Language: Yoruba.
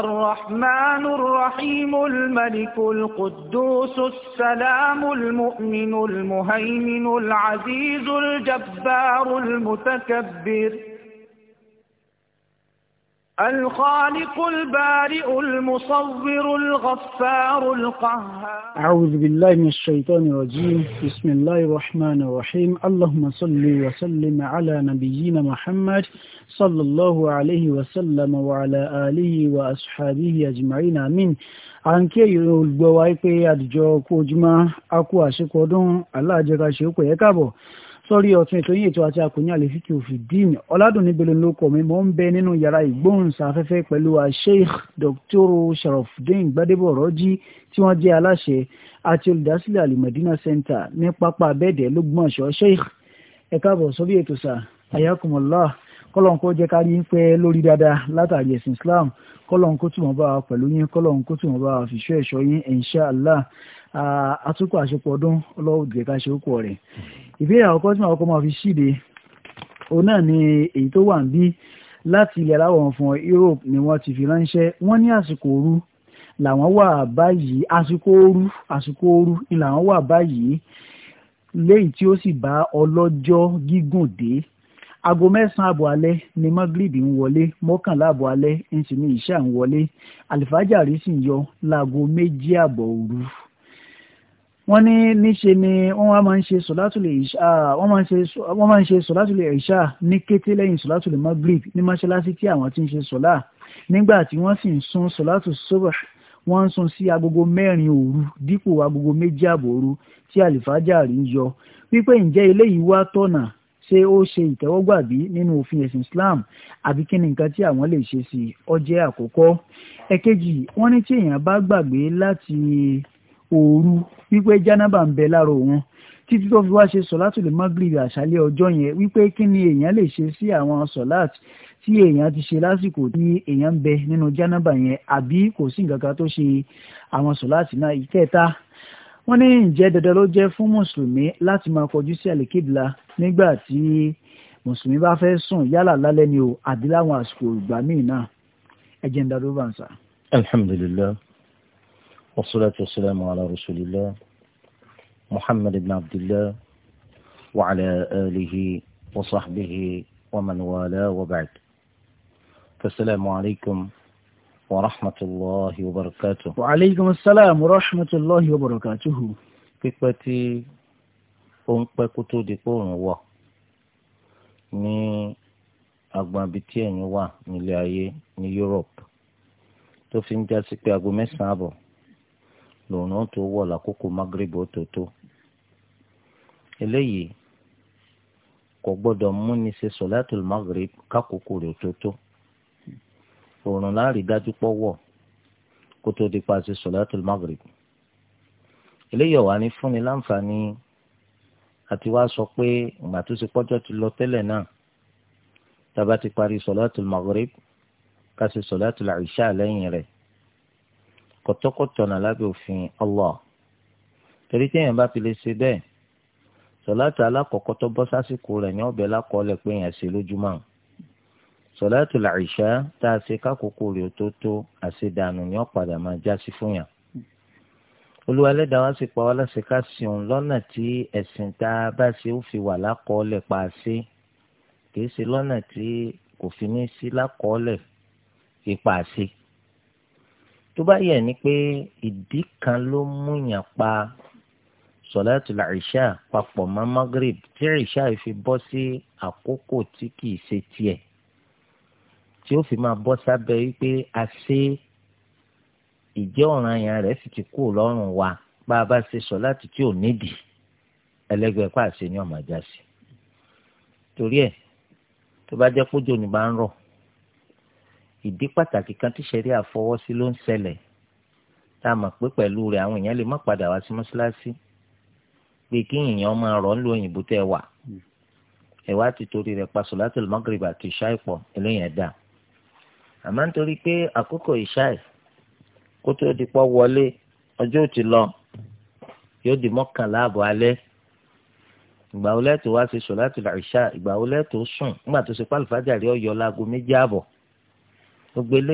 الرحمن الرحيم الملك القدوس السلام المؤمن المهيمن العزيز الجبار المتكبر الخالق البارئ المصور الغفار القهار أعوذ بالله من الشيطان الرجيم بسم الله الرحمن الرحيم اللهم صل وسلم على نبينا محمد صلى الله عليه وسلم وعلى آله وأصحابه أجمعين آمين à ń kí èyí olùgbọ́ wa pé àdìjọ kó ojúmọ́ a kú àṣekọ̀ọ́dún aláàjẹkàṣe ó pẹ̀yẹ́ káàbọ̀ sọ́rí ọ̀tún ètò yìí ètò àti àkòní àlèfíkì òfin dín ọ̀làdùn níbẹ̀ ló ń lóko mi mò ń bẹ nínú yàrá ìgbóhùnsáfẹ́fẹ́ pẹ̀lú sheikh dr sharafdin gbadebo ọ̀rọ̀jì tí wọ́n jẹ́ aláṣẹ àti olùdásílẹ̀ alimọ̀dínà center ní pápá abẹ́ẹ̀dẹ̀ lọ́gbọ̀nsọ sheikh ẹ káàbọ̀ sórí ètò sà ayakumullah kọ́lọ́n kó jẹ́ kárí ń pẹ́ lórí dáadáa látàrí ẹ̀sìn Islam kọ́lọ́n kó túmọ̀ bá wa pẹ̀lú yín kọ́lọ́n kó túmọ̀ bá wa fìṣọ́ ẹ̀ṣọ́ yín insha Allah àtúkọ̀ àṣepọ̀ ọdún ọlọ́ọ̀dẹ̀ ká ṣe ó kọ̀ rẹ̀. ìbéèrè àkọ́kọ́ tí màá máa fi ṣíde òun náà ni èyí tó wà ń bí láti ilẹ̀ aláwọ̀ fún Europe ni wọ́n ti fi ránṣẹ́ wọ́n ní àsìkò ooru làwọn wà báyìí àsìkò ooru àsìkò ooru làwọn wà báyìí léyìí tí ó sì bá ọlọ́jọ́ gígùn dé aago mẹ́sàn-án àbọ̀ alẹ́ ni magrib ń wọlé mọ́kànlá àbọ̀ alẹ́ ń sì ní ìṣà ń wọlé àlìfájàrí sì ń yọ láago méjì àbọ̀ òru. wọ́n ní níṣe ni wọ́n máa ń ṣe sọ̀látùlẹ̀ ìṣà wọ́n máa ń ṣe sọ̀látùlẹ̀ ìṣà ní kété lẹ́yìn sọ̀látùlẹ̀ magrib ní mọ́ṣáláṣí tí àwọn ti ń ṣe sọ̀lá nígbà tí wọ́n sì ń sún sọ̀látù sọ́bà wọ́n ń sún sí agogo mẹ́rin òru dípò agogo méjì àbọ̀ òru tí àlìfájàrí ń yọ wípé ǹjẹ́ eléyìí wá tọ̀nà ṣé ó ṣe ìtẹ́wọ́gbà bí nínú òfin ẹ̀sìn Islam àbí kí ni nǹkan tí àwọn lè ṣe sí ó jẹ́ àkọ́kọ́ ẹ̀kejì wọ́n ní tí èèyàn bá gbàgbé láti òru wípé jánábà ń bẹ lára òun títí tó fi wá ṣe sọ̀láàtì lè mágríbì àṣálẹ́ ọjọ́ yẹn wípé kí ni èèyàn lè ṣe sí àwọn sọ̀láàtì tí èèyàn ti ṣe lásìkò tí èèyàn ń bẹ nínú jánábà yẹn àbí kò sí nǹkan kan tó ṣe àwọn sọ̀láàtì náà ìkẹta wọ́n ní ǹjẹ́ dandan ló jẹ́ fún mùsùlùmí láti máa kọjú sí àlèkébìlà nígbà tí mùsùlùmí bá fẹ́ sùn yálà lálẹ́ ni o àbí láwọn àsìkò ìgbà míì náà ẹ jẹ́ ń darú bá ń sà. alhamdulilayi wasalaatu wasalaamu ala rasulillah muhammad ibn abdillah wa alihi wa sahbihi wa man wala wa ba'd. fasalaamu alaykum. ورحمة الله وبركاته وعليكم السلام ورحمة الله وبركاته كيف ó ń pẹ́ kó tó di pé òun wọ̀ ní agbọ̀n ibi wà nílé ayé ní Europe tó fi ń já sí pé aago mẹ́sàn-án àbọ̀ lòun náà tó wọ̀ lákòókò Maghreb ó tó tó eléyìí kò gbọ́dọ̀ múni ṣe sọ̀látùl Maghrib kákòókò rẹ̀ tó tó òòrùn láàrin dájú pọ̀ wọ̀ kó tó di pa ṣe sọ̀látùl Maghrib eléyìí ọ̀wá ní fúnni láǹfààní àti wá sọ pé ìgbà tó ṣe pọ́jọ́ ti lọ tẹ́lẹ̀ náà tábà ti parí sọ̀láàtùl maghrib ká ṣe sọ̀láàtùl ìṣá lẹ́yìn rẹ̀ kọ̀tọ́kọ̀tọ̀ náà lábẹ́ òfin Allah torí tí èèyàn bá fi lè ṣe bẹ́ẹ̀ sọ̀láàtù alákọ̀ọ́kọ́ tó bọ́ sásìkò rẹ̀ ní ọ̀bẹ lákọọ́lẹ̀ pé èèyàn ṣe lójúmọ́ sọ̀láàtùl ìṣá tá a ṣe kákòókò rẹ̀ tó tó àṣedànù ní ọ̀padà máa já fún yàn olúwa ẹlẹ́dàá wá sì pa wá láṣẹ ká sìn lọ́nà tí ẹ̀sìn tá a bá ṣe ó fi wà lákọọ́lẹ̀ pa ṣe kìí ṣe lọ́nà tí kò fi ní sí lákọọ́lẹ̀ ipa ṣe. tó bá yẹ ni pé ìdí kan ló múyàn pa sọ̀látùl ìṣá papọ̀ mọ́ magrib tí ìṣá fi bọ́ sí àkókò tí kìí ṣe tiẹ̀ tí ó fi máa bọ́ sábẹ́ wípé a ṣe ìjẹ́ ọ̀ranyàn rẹ̀ sì ti kú lọ́rùn wa bá a bá ṣe sọ láti tí ò nídìí ẹlẹ́gbẹ́ pàṣẹ ní ọ̀mà jásí. torí ẹ̀ tó bá jẹ́ pójò ní bá ń rọ̀ ìdí pàtàkì kan tí ṣẹ̀rí àfọwọ́sí ló ń ṣẹlẹ̀ tá a mọ̀ pé pẹ̀lú rẹ̀ àwọn èèyàn lè má padà wá sí mọ́ṣáláṣí pé kí èèyàn máa rọ̀ ń òyìnbó tẹ́ wà ẹ̀ wá ti torí rẹ̀ pa sọ̀látùl Maghrib àti ìṣáì pọ̀ eléyìí ẹ̀ dà àmọ́ nítorí pé àkókò ìṣáì kó tó di pọ́ wọlé ọjọ́ ò ti lọ yóò di mọ́kànlá àbọ̀ alẹ́ ìgbà wo lẹ́tọ̀ wá sí sọ̀láàtì làìṣà ìgbà wo lẹ́tọ̀ sùn nígbà tó ṣe pálífàjà rí ọ̀yọ́ láago méjì àbọ̀ gbogbo